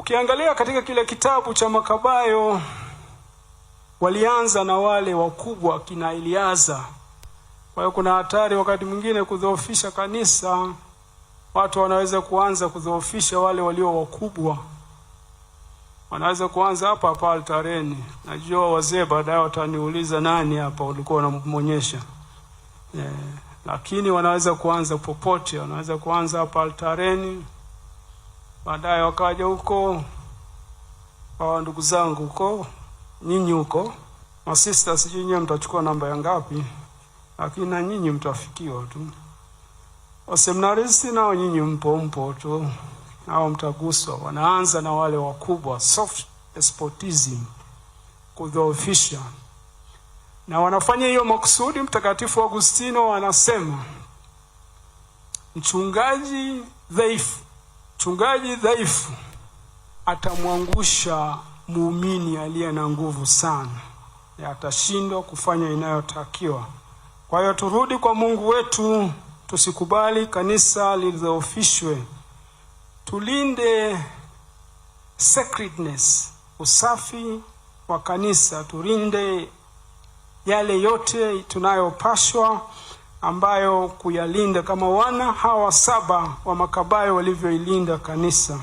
Ukiangalia katika kile kitabu cha Makabayo, walianza na wale wakubwa kina Eliaza. Kwa hiyo kuna hatari wakati mwingine kudhoofisha kanisa, watu wanaweza kuanza kudhoofisha wale walio wakubwa, wanaweza kuanza hapa hapa altareni. Najua wazee baadaye wataniuliza nani hapa walikuwa wanamonyesha eh, lakini wanaweza kuanza popote, wanaweza kuanza hapa altareni Baadaye wakaja huko awa ndugu zangu huko, nyinyi huko masista, sijui nyewe mtachukua namba ya ngapi, lakini na nyinyi mtafikiwa tu. Waseminaristi nao nyinyi mpo mpo tu, nao mtaguswa. Wanaanza na wale wakubwa, soft despotism, kudhoofisha, na wanafanya hiyo makusudi. Mtakatifu Agustino anasema mchungaji dhaifu Mchungaji dhaifu atamwangusha muumini aliye na nguvu sana, atashindwa kufanya inayotakiwa. Kwa hiyo turudi kwa Mungu wetu, tusikubali kanisa lidhoofishwe. Tulinde sacredness, usafi wa kanisa, tulinde yale yote tunayopashwa ambayo kuyalinda kama wana hawa saba wa Makabayo walivyoilinda kanisa.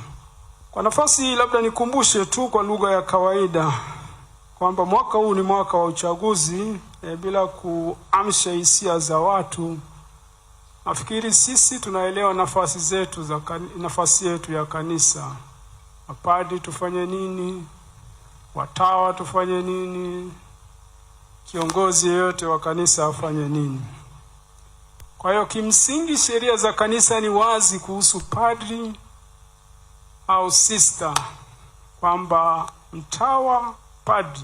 Kwa nafasi, labda nikumbushe tu kwa lugha ya kawaida kwamba mwaka huu ni mwaka wa uchaguzi e, bila kuamsha hisia za watu. Nafikiri sisi tunaelewa nafasi zetu za kani, nafasi yetu ya kanisa. apadi tufanye nini? Watawa tufanye nini? Kiongozi yeyote wa kanisa afanye nini? Kwa hiyo kimsingi sheria za kanisa ni wazi kuhusu padri au sista, kwamba mtawa, padri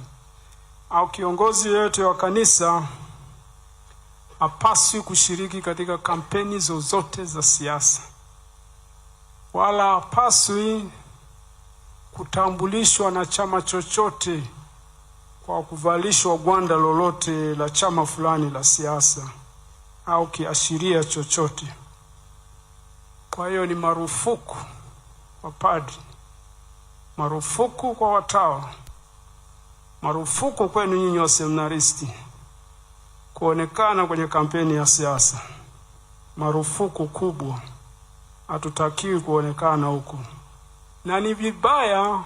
au kiongozi yeyote wa kanisa hapaswi kushiriki katika kampeni zozote za siasa, wala hapaswi kutambulishwa na chama chochote kwa kuvalishwa gwanda lolote la chama fulani la siasa au kiashiria chochote. Kwa hiyo ni marufuku kwa padri, marufuku kwa watawa, marufuku kwenu nyinyi wa seminaristi kuonekana kwenye kampeni ya siasa. Marufuku kubwa, hatutakiwi kuonekana huku, na ni vibaya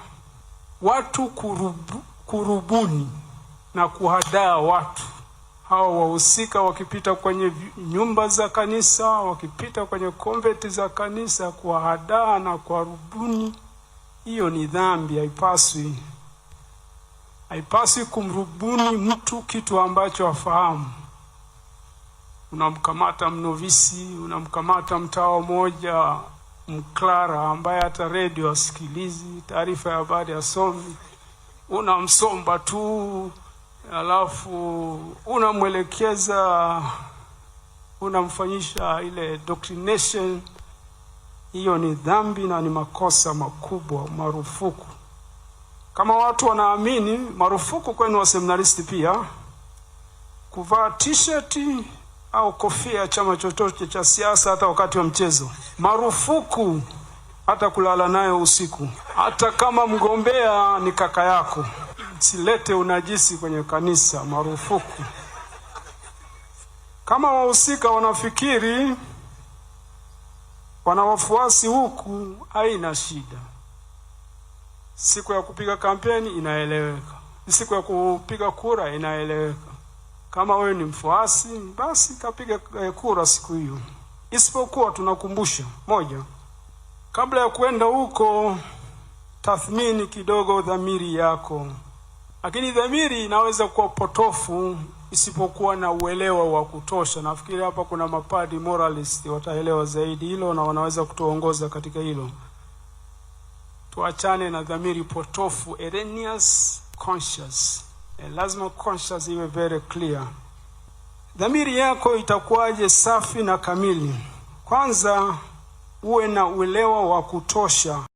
watu kurubu, kurubuni na kuhadaa watu hao wahusika wakipita kwenye nyumba za kanisa, wakipita kwenye konventi za kanisa kwa hadaa na kwa rubuni. Hiyo ni dhambi, haipaswi haipaswi kumrubuni mtu kitu ambacho afahamu. Unamkamata mnovisi, unamkamata mtawa moja mklara ambaye hata redio asikilizi, taarifa ya habari asomi, unamsomba tu alafu unamwelekeza unamfanyisha ile doctrination. Hiyo ni dhambi na ni makosa makubwa, marufuku. Kama watu wanaamini, marufuku kwenu waseminaristi pia kuvaa t-shirt au kofia ya chama chochote cha siasa, hata wakati wa mchezo. Marufuku hata kulala nayo usiku, hata kama mgombea ni kaka yako usilete unajisi kwenye kanisa, marufuku. Kama wahusika wanafikiri wana wafuasi huku, haina shida. Siku ya kupiga kampeni inaeleweka, siku ya kupiga kura inaeleweka. Kama wewe ni mfuasi, basi kapiga eh, kura siku hiyo, isipokuwa tunakumbusha moja, kabla ya kwenda huko, tathmini kidogo dhamiri yako. Lakini dhamiri inaweza kuwa potofu isipokuwa na uelewa wa kutosha. Nafikiri hapa kuna mapadi moralist wataelewa zaidi hilo na wanaweza kutuongoza katika hilo. Tuachane na dhamiri potofu, erroneous conscious. E, lazima conscious iwe very clear. Dhamiri yako itakuwaje safi na kamili? Kwanza uwe na uelewa wa kutosha.